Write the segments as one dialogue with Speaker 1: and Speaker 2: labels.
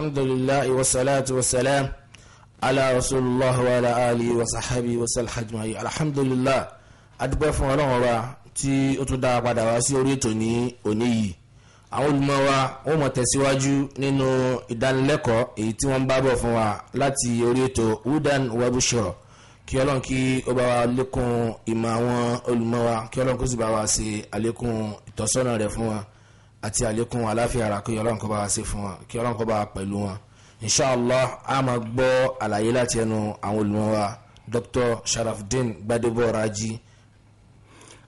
Speaker 1: الحمد لله والصلاة والسلام على رسول الله وعلى آله وصحبه وسلم أجمعين الحمد لله adúpẹ́ fún ọlọ́run ọba tí ó tún dára padà wá sí orí ètò ní òní yìí àwọn olùmọ̀ wa wọ́n mọ̀ tẹ̀síwájú nínú ìdánilẹ́kọ̀ọ́ èyí tí wọ́n ń bá bọ̀ fún wa láti orí ètò wúdàn wẹ́bùṣọ̀ kí ọlọ́run kí ó bá wa lékún ìmọ̀ àwọn olùmọ̀ wa kí ọlọ́run kó sì bá wa ṣe àlékún ìtọ́sọ́nà rẹ̀ fún wa àti àlékún àláfíà ara kí ọlọ́run kó bá wa ṣe fún wa kí ọlọ́run kó bá wa pẹ̀lú wọn inshallah a máa gbọ́ àlàyé láti ẹnu àwọn olùmọ̀ wa dr sharafdin gbadebo raji.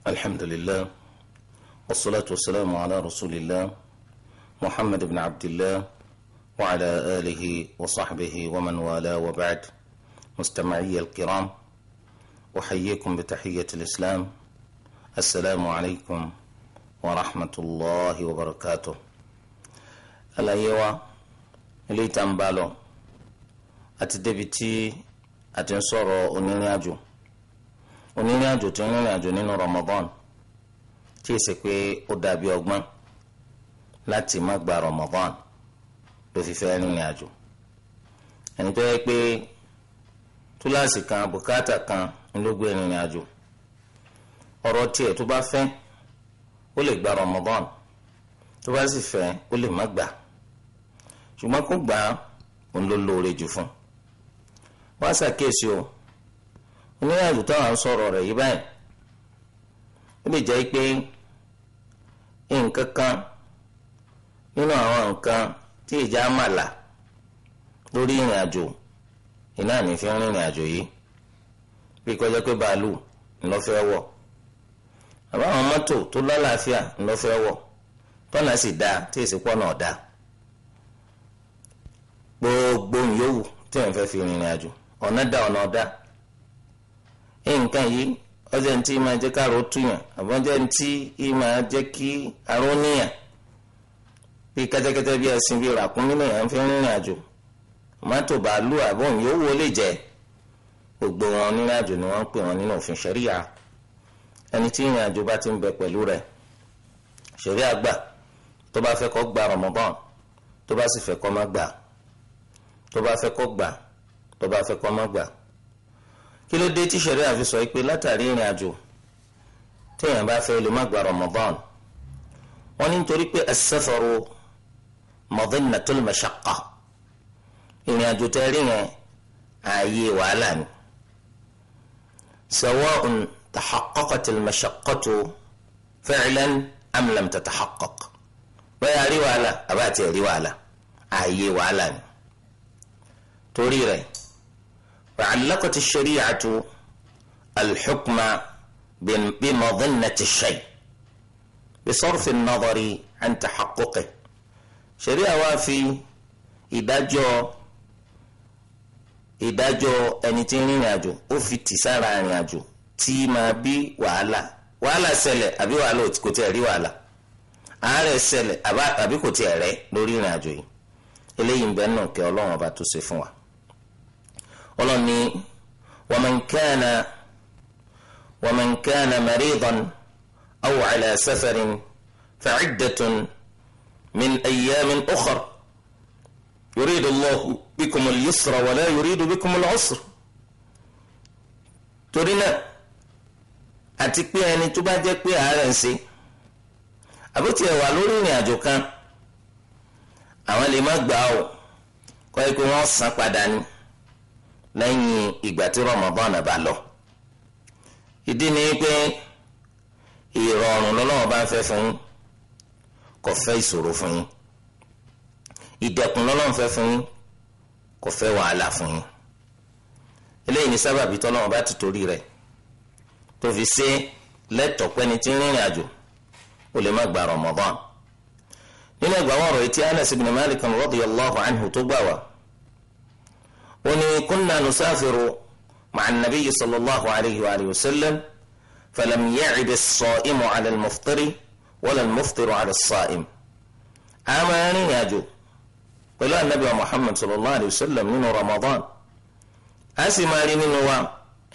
Speaker 1: alhamdulillah
Speaker 2: wasalaatu wasalaamu ala rasulillah muhammad ibn abdillah wa ala alihi wa sahbihi wa man wala wa ba'd mustamaciya alkiram waxayikum bitaxiyati islam asalaamu calaykum. As wa rahmatulahi wa barakatu. àlàyé wa ilé ìta ń bá lọ àti a ti ń sọ̀rọ̀ onírìn àjò onírìn àjò tó ń rìnrìn àjò nínú Ramadan tí èsì pé ó dàbí ọgbọ́n láti má gba Ramadan ló fi fẹ́ rìnrìn àjò ẹni tó yẹ pé túláàsì kan bùkátà kan ló gbé rìnrìn àjò ọ̀rọ̀ tiẹ̀ tó bá fẹ́ ó lè gba Ramadan tó bá sì fẹ́ ó lè má gbà ṣùgbọ́n kó gbà á òun ló lóore jù fún un wá ṣàkíyèsí o onírìnàjò táwọn ń sọ̀rọ̀ rẹ̀ yìí báyìí ó lè jẹ́ pé nǹkan kan nínú àwọn nǹkan tí ìjà màlà lórí ìrìn àjò ìnáà ní fi ń rìnrìn àjò yìí bí kọjá pé bàálù ńlọ fẹ́ wọ̀ àbá àwọn mọ́tò tó lálàáfíà ńlọ́fẹ́ wọ̀ tọ́nà sì dáa tí èsì pọ̀ náà dáa gbogbo yòówù tí èèyàn fẹ́ fi rìnrìn àjò ọ̀nà dá ọ̀nà ọ̀dá nǹkan yìí ọjọ́ ní tí máa jẹ́ káàró túyàn àbọ̀jọ́ ní tí máa jẹ́ kí níyàn bí kẹ́tẹ́kẹ́tẹ́ bí bí fi rìnrìn àjò bàálù ó lè gbogbo wọn àjò ni wọ́n pè ẹni tí ìrìn àjò bá ti ń bẹ pẹ̀lú rẹ̀ ṣẹ̀rí àgbà tó bá fẹ́ kó gba Ramadan tó bá sì fẹ́ kó má gbà tó bá fẹ́ kó gbà tó bá fẹ́ kó má gbà kí ló dé tí ṣẹ̀rí àfi sọ pé látàrí ìrìn àjò téèyàn bá fẹ́ lè má gba Ramadan wọ́n ní nítorí pé as-safaru madinnatul mashaqqa ìrìn àjò tẹ́ rí yẹn ààyè wàhálà ni sawa'un. تحققت المشقة فعلا أم لم تتحقق ويا روالة أباتي روالة أهي وعلان توريري وعلقت الشريعة الحكم بمظنة الشيء بصرف النظر عن تحققه شريعة وافي إداجو إداجو أنتيني ناجو أوفي تسارة ناجو tí máa bí wàhálà wàhálà ṣẹlẹ̀ àbí wàhálà kò tiẹ̀ rí wàhálà àárẹ̀ ṣẹlẹ̀ àbí kò tiẹ̀ rẹ̀ lórí ìrìn àjò yìí eléyìí ń bẹ náà kẹ́ ọlọ́run ọba tó ṣe fún wa ọlọ́run ní waman kana waman kana maridan aw ala min ayyamin ukhra yuridu Allahu bikumul yusra wala yuridu bikumul usra torí náà àti pé ẹni tó bá jẹ́ pé àárẹ̀ ń ṣe àbótí ẹ̀ wà lórí ìrìn àjò kan àwọn lè má gbà ó kọ́ ẹ pé wọ́n san padà ní lẹ́yìn ìgbà tí Ramadan bá lọ ìdí ni pé ìrọ̀rùn lọ́lọ́wọ́ bá ń fẹ́ fún yín kò fẹ́ ìṣòro fún yín ìdẹ̀kùn lọ́lọ́wọ́ fẹ́ fún yín kò fẹ́ wàhálà fún yín eléyìí ni sábàbí tọ́lọ́wọ́ bá ti torí rẹ̀ tó fi ṣe lẹ́tọ̀ọ́ pẹ́ni tí ń rìnrìn àjò ó lè má gba Ramadan nínú ẹgbàá wọn rẹ̀ tí Anas ibn Malik radiyallahu anhu tó gbà wá ó ní kunna nusafiru ma'a an-nabiy sallallahu alayhi wa alihi wa sallam falam ya'ib as-sa'imu 'ala al-muftiri wala al-muftiru 'ala as-sa'im àmọ́ rìnrìn àjò pẹ̀lú anabi muhammad sallallahu alayhi wa sallam nínú Ramadan a sì máa rí nínú wa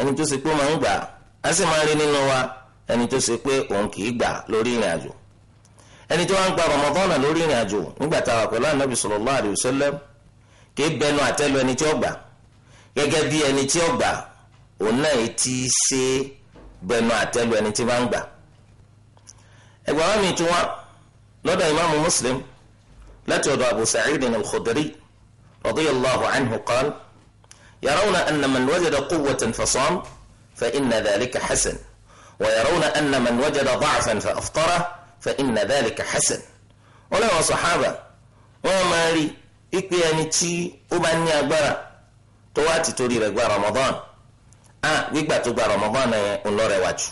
Speaker 2: ẹni tó sì pé máa ń gbà á a sì máa rí nínú wa ẹni tó ṣe pé òun kì í gbà lórí ìrìn àjò ẹni tó wá ń gba Ramadana lórí ìrìn àjò nígbà táwa pẹ̀lú Ànábì sallallahu alaihi wasallam kì í bẹnu àtẹ́lu ẹni tí ó gbà gẹ́gẹ́ bí ẹni tí ó gbà òun náà ti ṣe bẹnu àtẹ́lu ẹni tí bá ń gbà ẹgbẹ́ wa mi tún wá lọ́dọ̀ ìmáàmù Muslim láti ọ̀dọ̀ Abu Sa'id al-Khudri radiyallahu anhu qala فإن ذلك حسن ويرون أن من وجد ضعفا فأفطره فإن ذلك حسن ولا صحابة وما لي إكبياني تي أباني أكبر تواتي تولي أكبر رمضان ah gbígbà tó gba Ramadan yẹn ń lọ rẹwàjù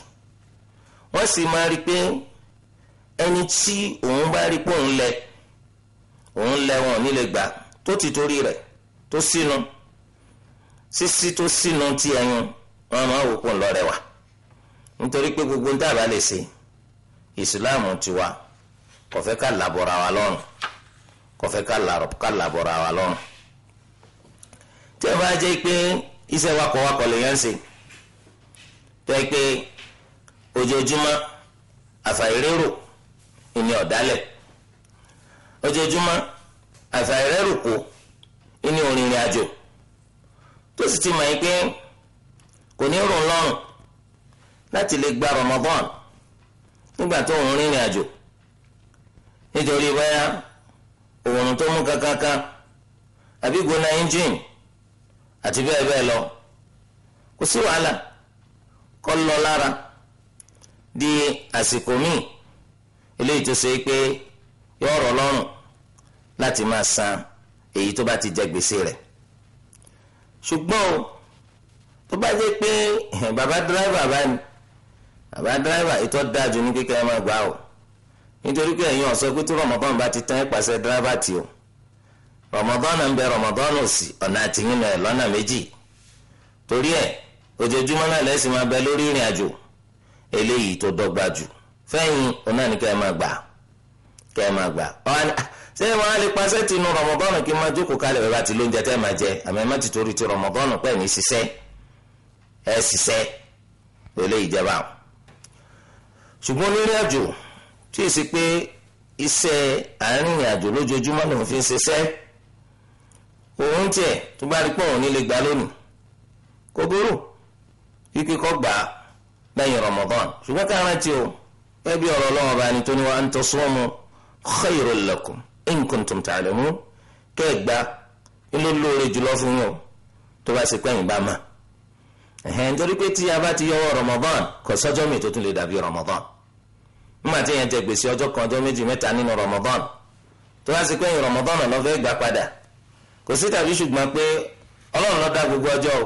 Speaker 2: wọ́n sì máa rí i pé ẹni tí òun bá rí i pé òun lẹ òun lẹ wọn ò ní lè gbà tó ti torí rẹ̀ tó sínú sísí tó sínú ti ẹyin wọn máa wò rẹwà nítorí pé gbogbo ń dábàá lè ṣe tiwa kò fẹ́ ká làbọ̀ra wa lọ́rùn kò fẹ́ ká làbọ̀ra wa lọ́rùn tí ó bá jẹ́ pé iṣẹ́ wakọ̀wakọ̀ lèèyàn ṣe tó yẹ pé ojoojúmọ́ àfàìrérò ìní kò ní rọ̀ lọ́rùn láti lè gba Ramadan nígbà tó ń rìnrìn àjò nítorí báyà òòrùn tó mú kankankan àbí gbóná engine àti bẹ́ẹ̀ bẹ́ẹ̀ lọ kò sí wàhálà kọ́ lọ lára di àsìkò míì eléyìí tó ṣe pé yọ ọ̀rọ̀ lọ́rùn láti máa san èyí tó bá ti jẹ gbèsè rẹ̀ ṣùgbọ́n o. tó bá baba pé bàbá dírẹ́fà bá ní bàbá dírẹ́fà ètò dájú ní o nítorí pé ẹ̀yin ọ̀sọ́ pé tí rọmọdán bá ti tán o ń bẹ òsì ọ̀nà àtìyìn náà lọ́nà méjì torí ẹ̀ ojoojúmọ́ náà lẹ́sìn máa bẹ lórí ìrìn àjò eléyìí tó dọ́gba jù fẹ́yìn ọ̀nà ni kẹ́ ẹ máa gbà kẹ́ ẹ máa ẹ ṣiṣẹ́ eléyìí jẹba ṣùgbọ́n lórí àjò tí ì sí pé iṣẹ́ àárínrìnàjò lójoojúmọ́ lòun fi ń ṣiṣẹ́ òun tiẹ̀ tó bá rí pọ̀ òun nílé gbà lónìí kò burú kíkí kọ́ gbà á lẹ́yìn Ramadan ṣùgbọ́n káàrán tí o ẹbí ọ̀rọ̀ ọlọ́wọ́ bá ní tó ní wa an tasumu khayrun lakum in kuntum ta'lamun kẹ́ ẹ̀ gbà ń lọ lóore jùlọ fún yín o tó bá ṣe pẹ́yìn bá máa. ẹ̀hẹ́n nítorí pé tí a bá ti yọwọ́ Ramadan kò sọ́jọ́ mi tó tún lè dàbí Ramadan nígbà tí yẹn jẹ gbèsè ọjọ kan ọjọ́ méjì mẹ́ta nínú Ramadan tó bá sì pé fẹ́ gbà padà kò sí tàbí ṣùgbọ́n gbogbo ọjọ́ o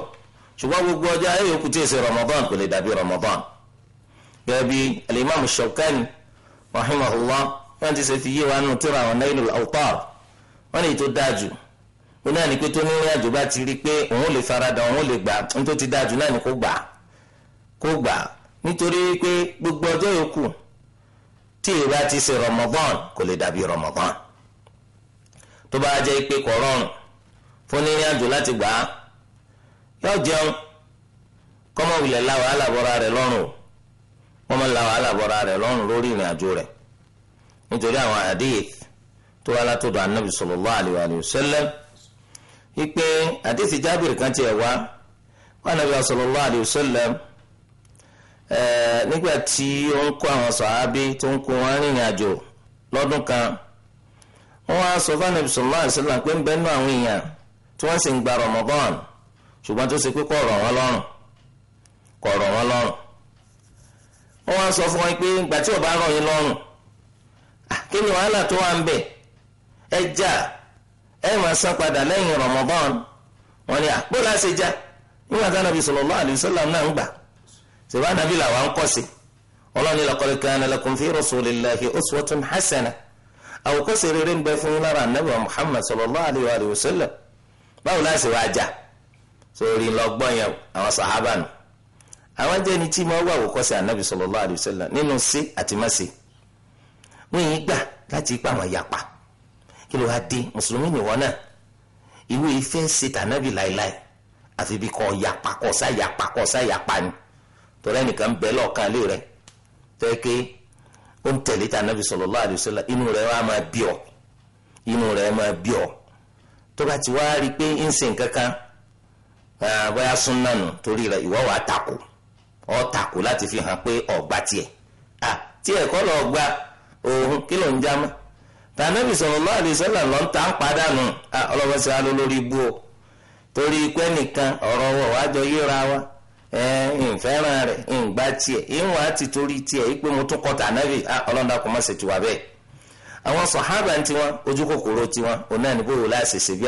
Speaker 2: ṣùgbọ́n gbogbo ọjọ́ ayé tí èsè kò lè dàbí bí alimami wọ́n ti ṣe wa nù ó náà ní pé tó ní ìrìnàjò bá ti rí i pé òun lè farada òun lè gbà ní tó ti dájú náà ni kó gbà kó gbà nítorí pé gbogbo ọjọ́ yòókù tí ìrora ti ṣe Ramadan kò lè dàbí Ramadan tó bá jẹ́ pé kò rọrùn fún ìrìnàjò láti gbà á yóò jẹun kọ́mọ la wàhálà bọ́ra rẹ̀ lọ́rùn o kọ́mọ la wàhálà bọ́ra rẹ̀ lọ́rùn lórí ìrìnàjò rẹ̀ nítorí àwọn hadith tó wà látọ̀dọ̀ anabi sallallahu alaihi wa ipe adịsị jábìrì kan tiẹ̀ wá wọn nàbí sallallahu alayhi nígbà tí ó ń kó àwọn sàábí tó ń kó wọn àjò lọ́dún kan wọn wá sọ fún ànàbì sallallahu nnụnụ pé ń àwọn èèyàn tí wọ́n sì ń gba Ramadan ṣùgbọ́n tó ṣe fún wọn pé ìgbà tí ò bá rọ̀ yín lọ́rùn ah, kí ni wàhálà tó wà ẹ máa san padà lẹ́yìn Ramadan wọn ni àpò láti já nígbà tí anabi sallallahu alaihi wasallam náà ń gbà ṣèwá anabi làwa ń kọ́ sí ọlọ́ni laqad kana lakum fi rasulillahi uswatun hasana àwòkọ́sẹ̀ rere ń bẹ fún yín lára anabi Muhammad sallallahu alaihi wasallam báwo láti wá já sórí lọ́gbọ́n yẹn àwọn sàhábà nù àwọn jẹ́ ni tí mo wà àwòkọ́sẹ̀ kí ló musulumi dé mùsùlùmí nìwọ náà ìwé ìfẹ́ ṣe tànàbì láéláé àfi bí kò yapa kò sá yapa kò sá yapa ni torí ẹnìkan ń bẹ lọ́ọ̀kan lé rẹ fẹ́ ké ó ń tẹ̀lé tànàbì sallallahu alaihi wasallam inú rẹ wá máa bí ọ inú rẹ máa bí ọ tó ti wá rí pé ń se nǹkan kan bóyá torí rẹ ìwọ wàá tako ọ tako láti fi hàn pé ọgbà tiẹ̀ tí ẹ̀kọ́ lọ gba òun kí ló ń tànàbì sallallahu alaihi wasallam lọ́n ta ń padànù ọlọ́wọ́sí wa ló lórí ibú o torí pé nìkan ọ̀rọ̀ wọ̀ wá jọ yíra wa ìfẹ́ràn rẹ̀ ìgbà tiẹ̀ ìwọ̀n àti torí tiẹ̀ ìpè mo tún kọ́ tànàbì ọlọ́dà kò má ṣe tiwa bẹ́ẹ̀ àwọn sọ̀hábà ń tiwọn ojú kòkòrò tiwọn òun náà ní bóyá bí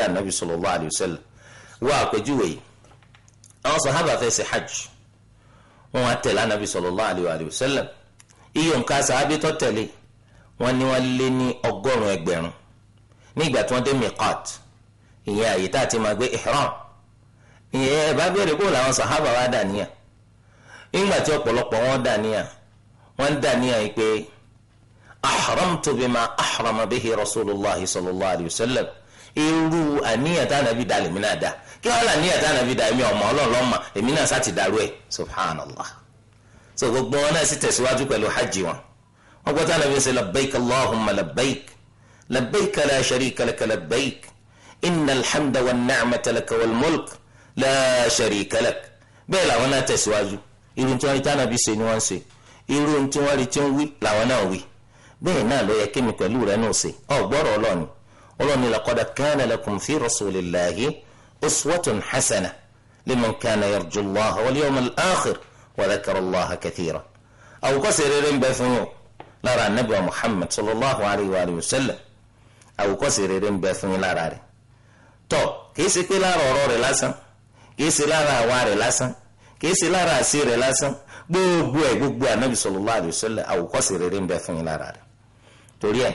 Speaker 2: ànàbì sallallahu alaihi wasallam wọ́n ni wọ́n lé ní ọgọ́rùn ẹgbẹ̀rún ní ìgbà tí wọ́n dé miqat ìyẹn àyè tá a ti máa gbé ihram ìyẹn ẹ bá kó làwọn sàhábà wa dà ìgbà tí ọ̀pọ̀lọpọ̀ wọn wọ́n yìí pé rasulillah sallallahu alayhi wa sallam irú àníyàn tá a nàbí náà dá kí wọ́n là níyàn tá a Allah Ta'ala will say, Labbaik Allahumma Labbaik. Labbaik la sharika laka Labbaik. إن الحمد والنعمة لك والملك لا شريك لك bẹ́ẹ̀ làwọn náà tẹ̀síwájú irú tí wọ́n rí tánà bí ṣe ni wọ́n ń ṣe irú tí wọ́n rí tí wọ́n wí làwọn náà wí bẹ́ẹ̀ náà ló yẹ kémi pẹ̀lú rẹ náà ṣe ọ̀gbọ́rọ̀ ọlọ́ni ọlọ́ni laqad kana lakum fi rasulillahi uswatun hasana liman kana yarju allaha wal yawmal akhir wa dhakara allaha kathira àwòkọ́ṣe rere ń bẹ fún yóò lára anabi wa muhammad sallallahu alayhi wa sallam àwòkọ́ṣe rere ń bẹ fún yín lára rẹ̀ tọ́ kìí ṣe pé lára ọ̀rọ̀ rẹ̀ lásán kìí ṣe lára àwa rẹ̀ lásán kìí ṣe lára àṣì rẹ̀ lásán gbogbo ẹ̀ gbogbo anabi sallallahu alayhi wa sallam àwòkọ́ṣe rere ń bẹ fún yín lára rẹ̀ torí ẹ̀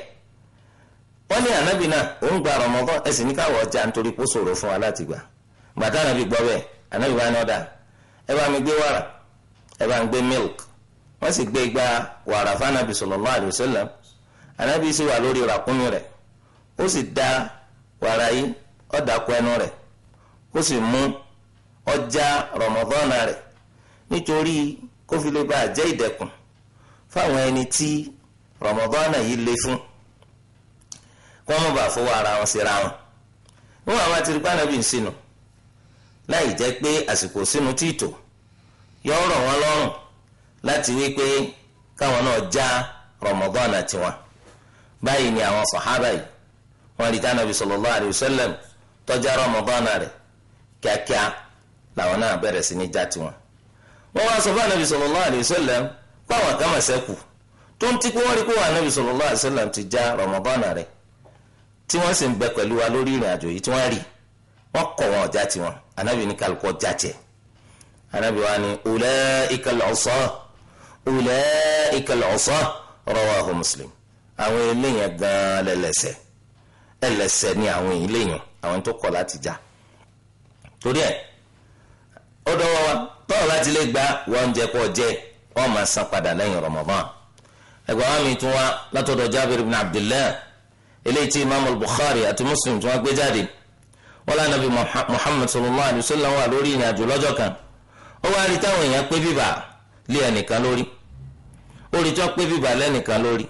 Speaker 2: wọ́n ní anabi náà òun gba Ramadan ẹ̀sìn ní káwọ́ ọjà nítorí kó ṣòro fún wa láti gbà gbàtà anabi gbọ́ bẹ́ẹ̀ anabi bá ní ọ̀dà ẹ bá mi gbé wàrà ẹ bá mi gbé milk wọ́n sì gbé igba wàrà fanabi sallallahu alayhi wa sallam anabi sì wà lórí ràkúnmí rẹ̀ ó sì da wàrà yìí ó dàkú ẹnu rẹ̀ ó sì mú ọjà rọmọdọ́nà rẹ̀ nítorí kó fi lè bá a jẹ́ ìdẹ̀kùn fáwọn ẹni tí rọmọdọ́nà yìí le fún kí wọ́n mọ̀ bá fowó ara wọn síra wọn níwọ̀n àwọn àti rìpá anabi ń sinu láì jẹ́ pé àsìkò sínú tí yọ ọ̀rọ̀ wọn lọ́rùn. láti wípé káwọn náà já Ramadan tiwọn báyìí ni àwọn sàhábà yìí wọ́n rí tánàbí sallallahu alayhi wa sallam tó já Ramadan kíákíá làwọn náà bẹ̀rẹ̀ sí ní já tiwọn wọ́n wá sọ fún anabi sallallahu alayhi wa báwọn tó ń tí rí kó ti já Ramadan rẹ̀ tí sì ń bẹ wa lórí ìrìn àjò yìí tí rí tiwọn ní ulaika al-usah rawahu Muslim àwọn eléyàn gan-an lẹ́lẹ́sẹ̀ ẹlẹ́sẹ̀ ni àwọn eléyàn àwọn tó kọ̀ láti jà torí ẹ̀ ó dọ́wọ́ wa tọ́wọ́ láti lè gba wọ́n jẹ́ kó jẹ́ wọ́n máa san padà lẹ́yìn Ramadan ẹgbẹ́ wa mi tún wá látọ̀dọ̀ Jabir ibn Abdullah eléyìí tí imaamu Bukhari àti Muslim tún wá gbé jáde wọ́n lánà bí Muhammad sallallahu alayhi wa sallam wà lórí ìrìn àjò lọ́jọ́ kan ó wá rí táwọn èèyàn pé bíbà lé ẹnìkan lórí orí tí wọ́n pé bíbà lẹ́nìkan lórí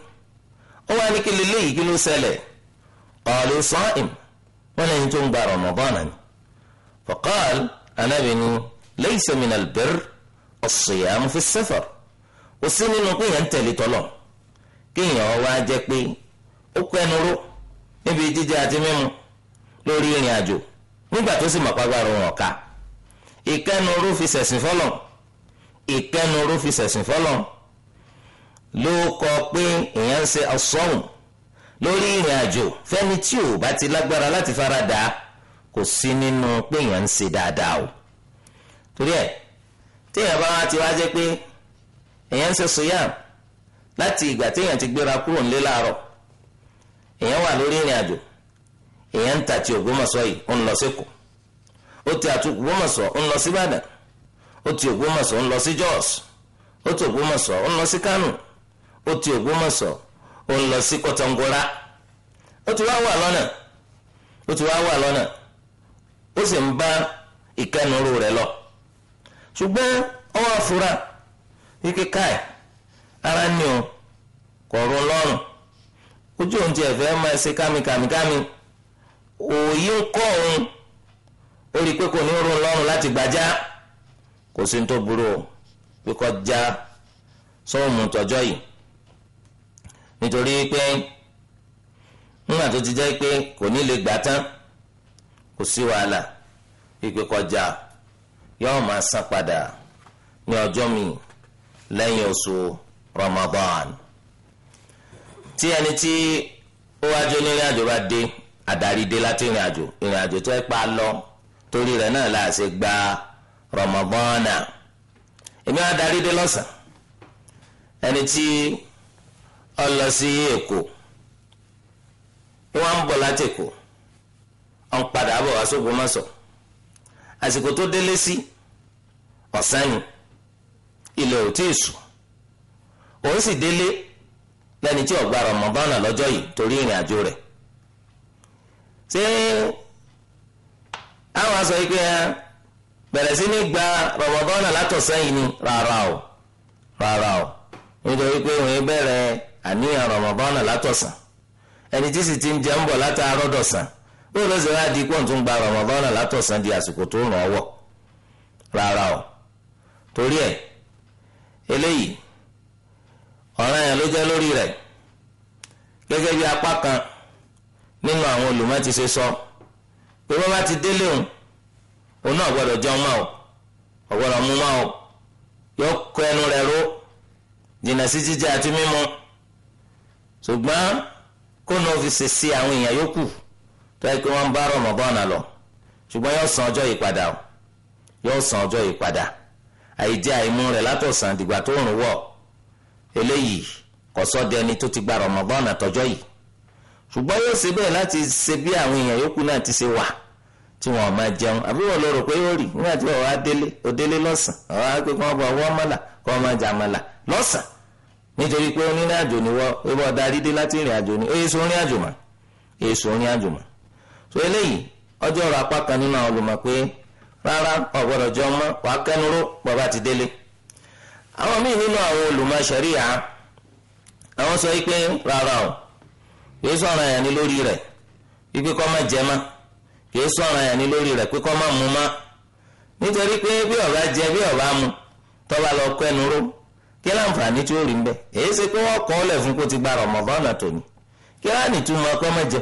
Speaker 2: ó wá ní kí leléyìí kí ló ṣẹlẹ̀ ọ̀ọ́lù sọ́ọ̀m wọn lẹ́yìn tó ń gba Ramadan ni faqal anabi ni laysa min albir as-siyam fi as-safar kò sí nínú pé yẹn ń tẹ̀lé tọ́lọ̀ kí yẹn wá jẹ́ pé ó kọ́ ẹnu ró níbi jíjẹ àti mímu lórí ìrìn àjò nígbà tó sì mọ̀pá gbàrú wọn ká ìkẹ́nu ró fi ṣẹ̀sìn fọ́lọ̀ ìkẹ́nu ló kọ pé èèyàn ń ṣe ọ̀sọ́hùn lórí ìrìn àjò fẹ́ni tí ò bá ti lágbára láti farada kò sí nínú pé èèyàn dáadáa o torí ẹ̀ téèyàn bá wá ti wá jẹ́ pé èèyàn ṣe sùyàm láti ìgbà téèyàn ti gbéra kúrò nílé láàárọ̀ èèyàn wà lórí ìrìn àjò èèyàn ń yìí ó ń lọ ó ti àti ó ń lọ sí Ìbàdàn ó ti Ògbómọ̀ṣọ́ ó ń lọ sí Kọ́tàngórá ó ti wá wà lọ́nà ó ti wá wà lọ́nà ó sì ń bá ìkẹnuru rẹ̀ lọ ṣùgbọ́n ọwọ́ afura wíkí káì ara ni o kọ̀ọ̀rọ̀ lọ́rùn ojú òun ti ẹ̀fẹ́ máa ṣe kámikàmikámi òòyì ń kọ́ òun ó rí i pé kò ní rún lọ́rùn láti gbàjá kò sí ní tó burú o pé kọjá sóòmù tọjọ́ yìí nítorí pé nígbà tó ti jẹ́ pé kò ní lè gbà tán kò sí wàhálà ìpè kọjá yóò máa san padà ní ọjọ́ mi lẹ́yìn oṣù Ramadan tí ẹni tí ó wájú onírìn àjò bá dé adarí dé láti ìrìn àjò ìrìn àjò tó ẹ pa lọ torí rẹ̀ náà la ṣe gba Ramadan èmi
Speaker 1: adarí dé lọ́sàn
Speaker 2: ẹni tí. Ọ lọ si èkó wọ́n ń bọ láti èkó ọ̀n padà bọ̀ wá sọ, àsìkò tó délé sí ọ̀sán ni ilẹ̀ ò tí ì sùn òun sì délé lẹ́ni tí ọ̀gbà Ramadan lọ́jọ́ yìí torí ìrìn àjò rẹ̀ ṣé àwọn aṣọ yìí pé bẹ̀rẹ̀ sí ní gba látọ̀sán yìí ni rárá o rárá o nítorí pé òun bẹ̀rẹ̀ àníyàn Ramadan látọ̀sán ẹni tí ti ń jẹ ń bọ̀ látàárọ̀ dọ̀sán bó ló ṣe wá di pọ̀ tó ń gba di àsìkò tó ràn rárá o torí ẹ̀ eléyìí ọ̀ràn yẹn ló jẹ́ lórí rẹ̀ gẹ́gẹ́ bí apá kan nínú àwọn olùmọ̀ ti ṣe sọ pé wọ́n ti délé òun òun náà gbọ́dọ̀ o ọ̀gbọ́dọ̀ mú o yọ kọ ẹnu rẹ̀ ró jìnnà sí jíjẹ àti mímu. ṣùgbọ́n kó náà fi ṣe sí àwọn èèyàn yòókù tó yẹ kí wọ́n ń bá Ramadan lọ ṣùgbọ́n yóò san ọjọ́ yìí padà o yóò san ọjọ́ yìí padà àìjẹ àìmú rẹ̀ látọ̀sán dìgbà tó rùn wọ̀ eléyìí kò sọ dẹni tó ti gba Ramadan tọjọ́ yìí ṣùgbọ́n yóò ṣe bẹ́ẹ̀ láti ṣe bí àwọn èèyàn yòókù náà ti ṣe wà tí wọn máa jẹun àbí wọn lọ rò pé yóò rí nígbà tí wọn wá délé òdélé lọ́sàn-án àwọn akẹ́kọ̀ọ́ bọ̀ wọ́n mọ́là kọ́ máa jà mọ́là lọ́sàn-án nítorí pé onírìn àjò ni wọ́n wíwọ́ darí dé láti ìrìn àjò ni èso orin àjò mà èso orin àjò mà so eléyìí ọjọ́ ọ̀rọ̀ apá kan nínú àwọn olùmọ̀ pé rárá ọ̀gbọ́dọ̀ jẹ́ ọmọ wàá kẹ́nuró awọn ti délé àwọn míì nínú àwọn olùmọ̀ sọ pé rárá o kìí sọ̀rọ̀ ẹ̀yàn lórí rẹ̀ kọ́ má má kìí sọ̀rọ̀ ẹ̀yàn lórí rẹ̀ kọ́ má mu má nítorí pé kí láǹfààní tí ó rí mbẹ èyí ṣe pé wọn kọ ọ lẹ fún kó ti gba Ramadan náà ní kí láà ní túmọ̀ ọkọ mẹjẹ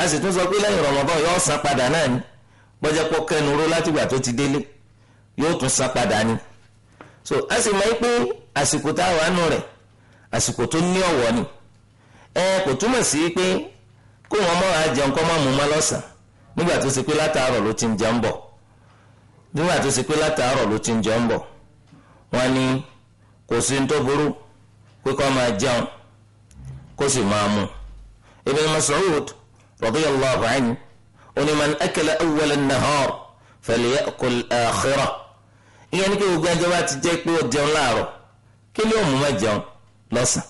Speaker 2: a sì tún sọ pé lẹ́yìn Ramadan yóò san padà náà ni bọjá pọ kẹnu ró látìgbà tó ti délé san padà ni so a sì mọ̀ pé àsìkò tá a wà nù àsìkò ni ẹ kò túmọ̀ sí pé kó wọn mú má lọ́sàn nígbà tó ṣe pé látàárọ̀ ló ti ń jẹun bọ̀ nígbà tó kò sí ní tó burú pé kó máa jẹun kó sì máa mu Ibn Mas'ud radiyallahu anhu oní man akala awwala an-nahar falyakul akhirah ìyẹn ní kí gbogbo ẹjọ́ bá ti jẹ́ pé ó jẹun láàárọ̀ kí ni òun máa jẹun lọ́sàn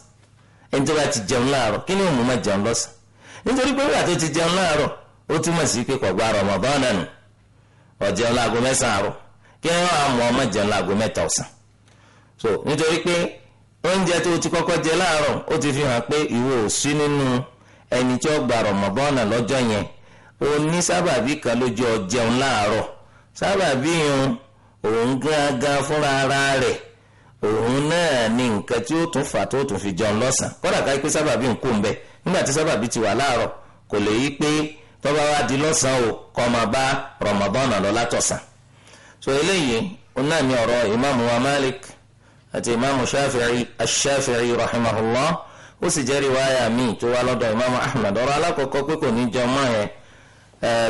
Speaker 2: ẹni tó bá ti jẹun láàárọ̀ kí ni òun máa jẹun lọ́sàn nítorí pé wíwà tó ti jẹun láàárọ̀ ó túmọ̀ sí pé kò gba Ramadan nù ó láago mẹ́sàn-án àárọ̀ kí wọ́n á mú ọmọ jẹun láago mẹ́ta ọ̀sán so nítorí pé oúnjẹ tó ti kọ́kọ́ jẹ láàárọ̀ ó ti fi hàn pé ìwọ ò sí nínú ẹni tí ó gba rọ̀mọ̀bọ́nà lọ́jọ́ yẹn ó ní sábàbí kan lójú ọjẹun láàárọ̀ sábàbí yẹn òun gángan fúnra ara rẹ̀ òun náà ni nǹkan tí ó tún fà tó tún fi jẹun lọ́sàn-án kódà ká pé sábàbí ń kó ti wà láàárọ̀ kò lè yí pé wa di lọ́sàn-án o kọ́ ma bá lọ látọ̀sán so eléyìí náà ní ọ̀rọ̀ Malik àti imaamu shafi'i ashafi'i rahimahullah ó sì jẹ́ riwaya míì tó wá lọ́dọ̀ imaamu ahmed ọ̀rọ̀ alákọ̀ọ́kọ́ pé kò ní jọ mọ́ yẹn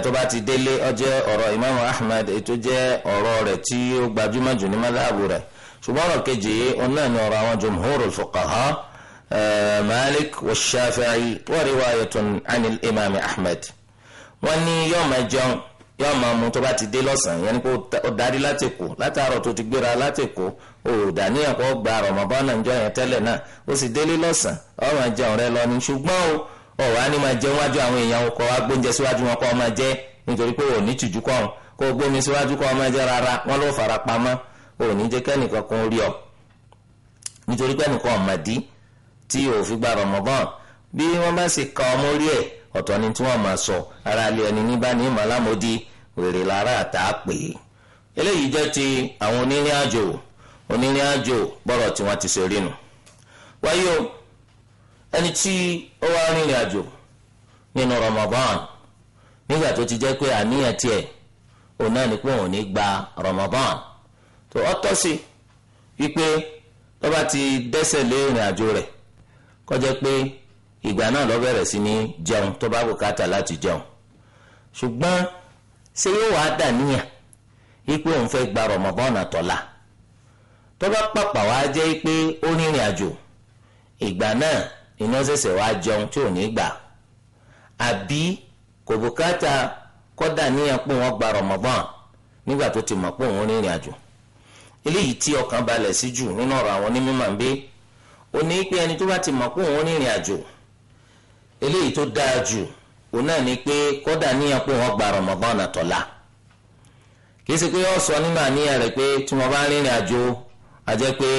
Speaker 2: tó bá ti délé ọjẹ́ ọ̀rọ̀ imaamu ahmed ètò jẹ́ ọ̀rọ̀ rẹ̀ tí ó gbajúmọ̀ jù ní madhabu rẹ̀ ṣùgbọ́n ọ̀rọ̀ kejì yìí òun náà ni ọ̀rọ̀ àwọn jumhurul fuqaha malik wa shafi'i wa riwayatun anil imaamu ahmed wọ́n ní yóò jẹun yóò mu tó bá ti dé lọ́sàn-án yẹn ni pé ó darí látẹ̀kọ́ látàárọ̀ tó ti gbéra látẹ̀kọ́ òòdà ní kó gba rọmọbọ́nà ńjọ yẹn tẹ́lẹ̀ náà ó sì délé lọ́sàn ó máa jẹun rẹ lọ ní ṣùgbọ́n o ọ̀wá ni máa jẹun wájú àwọn èèyàn kọ́ wá síwájú wọn ọ máa jẹ nítorí pé òní tìjú kọ́ kó o gbómi síwájú kọ́ ọ máa rárá wọn ló fara pamọ́ òní jẹ́ kẹ́nìkan rí ọ nítorí tí fi gba ti àwọn onírìn àjò onírìn àjò tí ti ṣe rí nu wáyé o ẹni tí ó wá rìnrìn àjò nínú Ramadan nígbà tó ti jẹ́ pé àníyàn tiẹ̀ òun náà ni pé òun ní gba wípé tó bá ti dẹ́sẹ̀ lé ìrìn àjò rẹ̀ kó jẹ́ pé ìgbà náà lọ bẹ̀rẹ̀ sí ní jẹun tó bá bùkátà láti jẹun ṣùgbọ́n ṣé yóò wá dà wípé òun fẹ́ tó bá pàpà wá jẹ́ pé ó rìnrìn àjò ìgbà náà iná ṣẹ̀ṣẹ̀ wá jẹun tí ò ní gbà àbí kò bùkátà kọ́dà níyàn pé wọ́n gba Ramadan nígbà tó ti mọ̀ pé òun rìnrìn àjò eléyìí tí ọkàn balẹ̀ sí jù nínú ọ̀rọ̀ àwọn onímọ̀ ń bẹ ó ní pé ẹni tó bá ti mọ̀ pé òun rìnrìn àjò eléyìí tó dáa jù òun náà ni pé kọ́dà níyàn pé wọ́n gba Ramadan tọ̀la kì í ṣe pé ó nínú àníyàn rẹ̀ pé tí wọ́n bá rìnrìn àjò ajẹ́ pé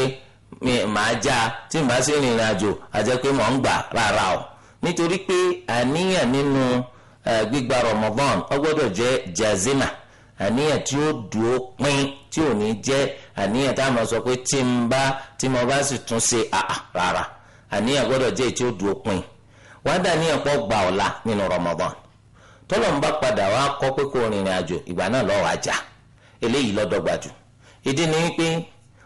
Speaker 2: màá já tí màá sì rìnrìn àjò ajẹ́ pé mò ń gbà rárá o nítorí pé àníyàn nínú gbígba gbọ́dọ̀ jẹ́ jazima àníyàn tí ó dúró pín tí ò ní jẹ́ àníyàn tá a sọ pé tí n bá tí mo bá sì tún ṣe àà rárá àníyàn gbọ́dọ̀ ó dúró pín dà níyàn pọ̀ gbà ọ̀la nínú tọ́lọ̀ ń bá padà wá kọ́ pé rìnrìn ìgbà náà eléyìí ìdí ni wípé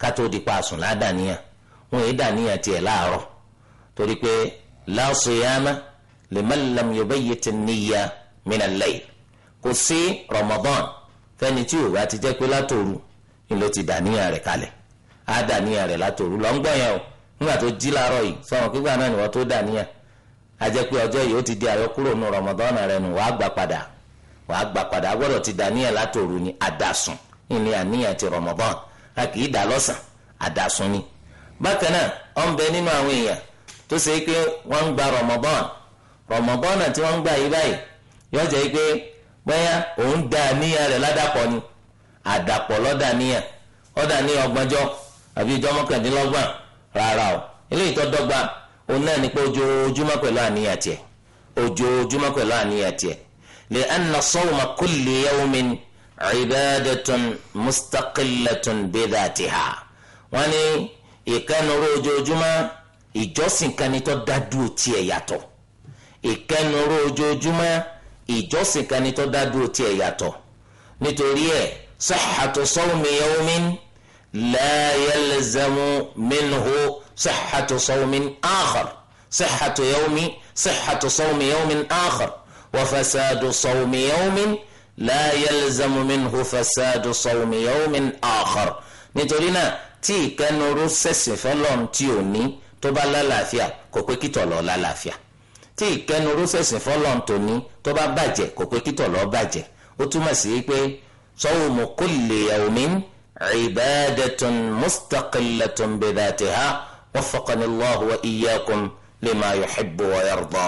Speaker 2: kátó di pa àsùn ládàníyàn wọn yìí dàníyàn tiẹ̀ láàárọ̀ torí pé la siyama liman lam yubayyit an-niyya min al-layl kò sí Ramadan fẹ́ni tí yorùbá ti jẹ́ pé látòru ni ló ti dàníyàn rẹ̀ kalẹ̀ á dàníyàn rẹ̀ látòru lọ́ngbọ̀n yẹn o nígbà tó jí láàárọ̀ yìí sọ̀rọ̀ kígbà náà ni wọ́n tó dàníyàn á jẹ́ pé ọjọ́ yìí ó ti di àyọkúrò nu Ramadan rẹ̀ nù wàá gbà padà wàá gbà padà gbọ́dọ̀ ti dàníyàn látòru ni àdàsùn ìní àníyàn ti Ramadan a kì í dà lọ́sàn àdàsùn ni bákan náà ó ń bẹ nínú àwọn èèyàn tó ṣe pé wọ́n ń gba Ramadan Ramadan tí wọ́n ń gbà yí báyìí yóò jẹ́ pé bóyá òun da níyà rẹ̀ ládàpọ̀ ni àdàpọ̀ lọ́dà níyà ọ̀dà ní ọgbọ̀njọ́ àbí ìjọ mọ́kàndínlọ́gbọ̀n rárá o eléyìí tó dọ́gba òun náà pé ojoojúmọ́ pẹ̀lú àníyàn tiẹ̀ ojoojúmọ́ pẹ̀lú àníyàn tiẹ̀ ibadatun mustaqillatun bidhatiha wọ́n ní ìkẹnuró ojoojúmọ́ ìjọsìn kan ni tó dádúró tiẹ̀ yàtọ̀ ìkẹnuró ojoojúmọ́ ìjọsìn kan ni tó dádúró tiẹ̀ yàtọ̀ nítorí ẹ̀ sahhatu sawmi yawmin la yalzamu minhu sahhatu sawmin akhar sahhatu yawmi sahhatu sawmi yawmin akhar wa fasadu la yalzamu minhu fasadu sawmi yawmin akhar nítorí náà tí ìkẹnuru ṣẹ̀sìn fọlọ́n tí ò ní tó bá lálàáfíà kò pé kítọ̀ lọ lálàáfíà tí ìkẹnuru ṣẹ̀sìn fọlọ́n tó ní tó bá bàjẹ́ kò pé kítọ̀ lọ bàjẹ́ ó túmọ̀ sí pé sawmu kulli yawmin ibadatun mustaqillatun bidhatiha waffaqani Allahu wa iyyakum lima yuhibbu wa yarda.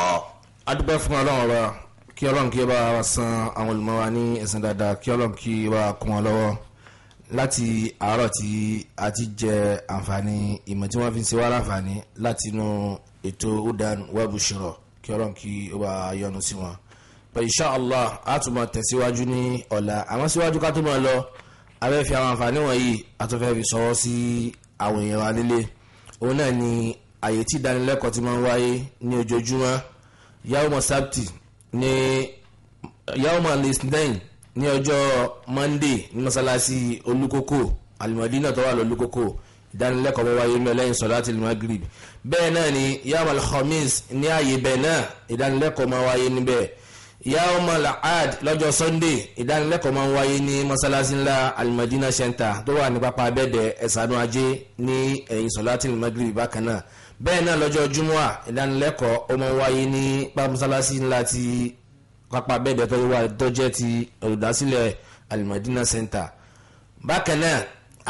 Speaker 1: adúgbò fún ọlọ́run kí ọlọ́run kí ó bá wa san àwọn olùmọ̀ wa ní ẹ̀sìn dáadáa kí ọlọ́run kí ó bá kún wọn lọ́wọ́ láti àárọ̀ tí a ti jẹ àǹfààní ìmọ̀ tí wọ́n fi ń ṣe wá láǹfààní láti inú ètò udan wabushiro kí ọlọ́run kí ó bá yọ́nú sí wọn. pẹ̀lú insha Allah a tún máa tẹ̀síwájú ní ọ̀la àmọ́ síwájú ká tó máa lọ abẹ́ fi àwọn àǹfààní wọ̀nyí a tún fẹ́ fi sọ̀rọ̀ sí àwọn èèyàn wa nílé òun náà ni àyè tí ìdánilẹ́kọ̀ọ́ ní yaoma lisnain ní ọjọ́ monday ní mọ́sálásí olúkókó alimadina tó wà lólúkókó ìdánilẹ́kọ̀ọ́ bá wáyé mẹ́lẹ́ lẹ́yìn sọ̀láàtì magrib bẹ́ẹ̀ náà ni yaoma alhamis ní ààyè bẹ́ẹ̀ náà ìdánilẹ́kọ̀ọ́ máa wáyé níbẹ̀ yaoma alad lọ́jọ́ sunday ìdánilẹ́kọ̀ọ́ máa ń wáyé ní mọ́sálásí ńlá alimadina center tó wà ní pápá abẹ́dẹ̀ ẹ̀sánú ajé ní ẹ̀yìn sọ̀láàtì magrib bákan náà bẹ́ẹ̀ náà lọ́jọ́ júmọ́à ìdánilẹ́kọ̀ọ́ ó máa ń wáyé ní pàmùsálásí ńlá ti pápá bẹ́ẹ̀dẹ̀ tó wà tó ti olùdásílẹ̀ alimadina center bákan náà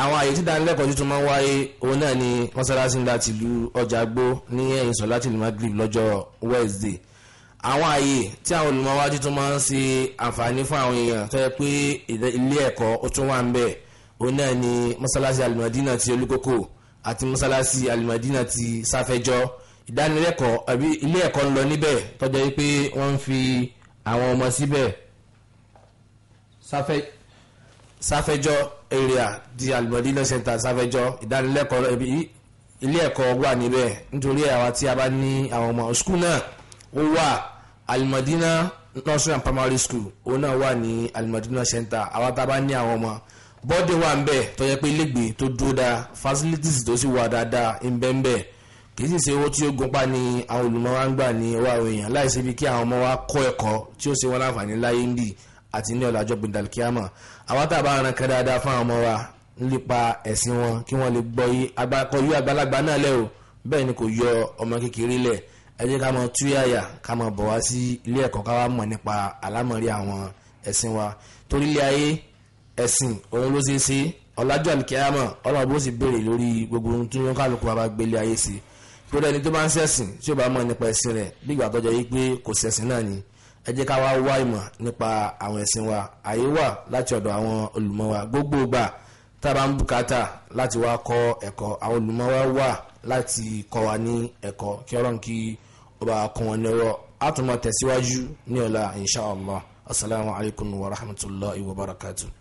Speaker 1: àwọn àyè tí ìdánilẹ́kọ̀ọ́ tuntun máa ń wáyé òun náà ni mọ́sálásí ńlá ti lu ọjà gbó ní ẹ̀yìn sọ láti limagrib lọ́jọ́ wednesday àwọn àyè tí àwọn olùmọ̀wá tuntun máa ń ṣe àǹfààní fún àwọn èèyàn tó yẹ pé ilé ẹ̀kọ́ ó tún wà ń bẹ̀ òun náà ni mọ́sálásí alimadina ti olúkókò àti mọ́sálásí alimadina ti sáfẹ́jọ́ ìdánilẹ́kọ̀ọ́ àbí ilé ẹ̀kọ́ ń lọ níbẹ̀ tọ́jà yìí pé wọ́n ń fi àwọn ọmọ síbẹ̀ sáfẹ́jọ́ area di alimadina center sáfẹ́jọ́ ìdánilẹ́kọ̀ọ́ ilé ẹ̀kọ́ wà níbẹ̀ nítorí àwa tí a bá ní àwọn ọmọ skul náà ó wà alimadina nursery and primary school òun náà wà ní alimadina center àwa tá a bá ní àwọn ọmọ bọ́dé wà ń bẹ̀ tó yẹ pé ilégbèé tó dúró dáa facilities tó sì wà dáadáa ń bẹ́ ń bẹ̀ kì í sì ṣe owó tí ó gunpá ni àwọn olùmọ̀ wa ń gbà ní ọwọ́ àwọn èèyàn láìsí bí kí àwọn ọmọ wa kọ́ ẹ̀kọ́ tí ó ṣe wọn láǹfààní láyé ń bì àti ní ọ̀làjọ́ gbẹdàlkíámà àwọn tá a bá ran kan dáadáa fún àwọn ọmọ wa nípa ẹ̀sìn wọn kí wọ́n lè gbọ́ yí agbákọ̀ yí àgbàlagbà náà ẹ̀sìn òun ló ṣe é ṣe ọ̀làjọ́ àlùkìyàmọ̀ ọlọ́run bó sì béèrè lórí gbogbo ohun tí wọ́n kálukú bá gbélé ayé sí tó dẹni tó bá ń ṣẹ̀sìn tí ó bá mọ̀ nípa ẹ̀sìn rẹ̀ bí ìgbà tọ́jọ́ yìí pé kò ṣẹ̀sìn náà ni ẹ jẹ́ ká wá wá ìmọ̀ nípa àwọn ẹ̀sìn wa àyè wà láti ọ̀dọ̀ àwọn olùmọ̀ wa gbogbo ìgbà tá a bá ń bùkátà láti wá kọ́ ẹ̀kọ́ àwọn olùmọ̀ wa wà láti kọ́ wa ní ẹ̀kọ́ kí ọlọ́run kí ó bá kún wọn ní á tún máa tẹ̀síwájú ní ọ̀la insha Allah assalamu alaikum wa rahmatullahi wa
Speaker 2: barakatuh.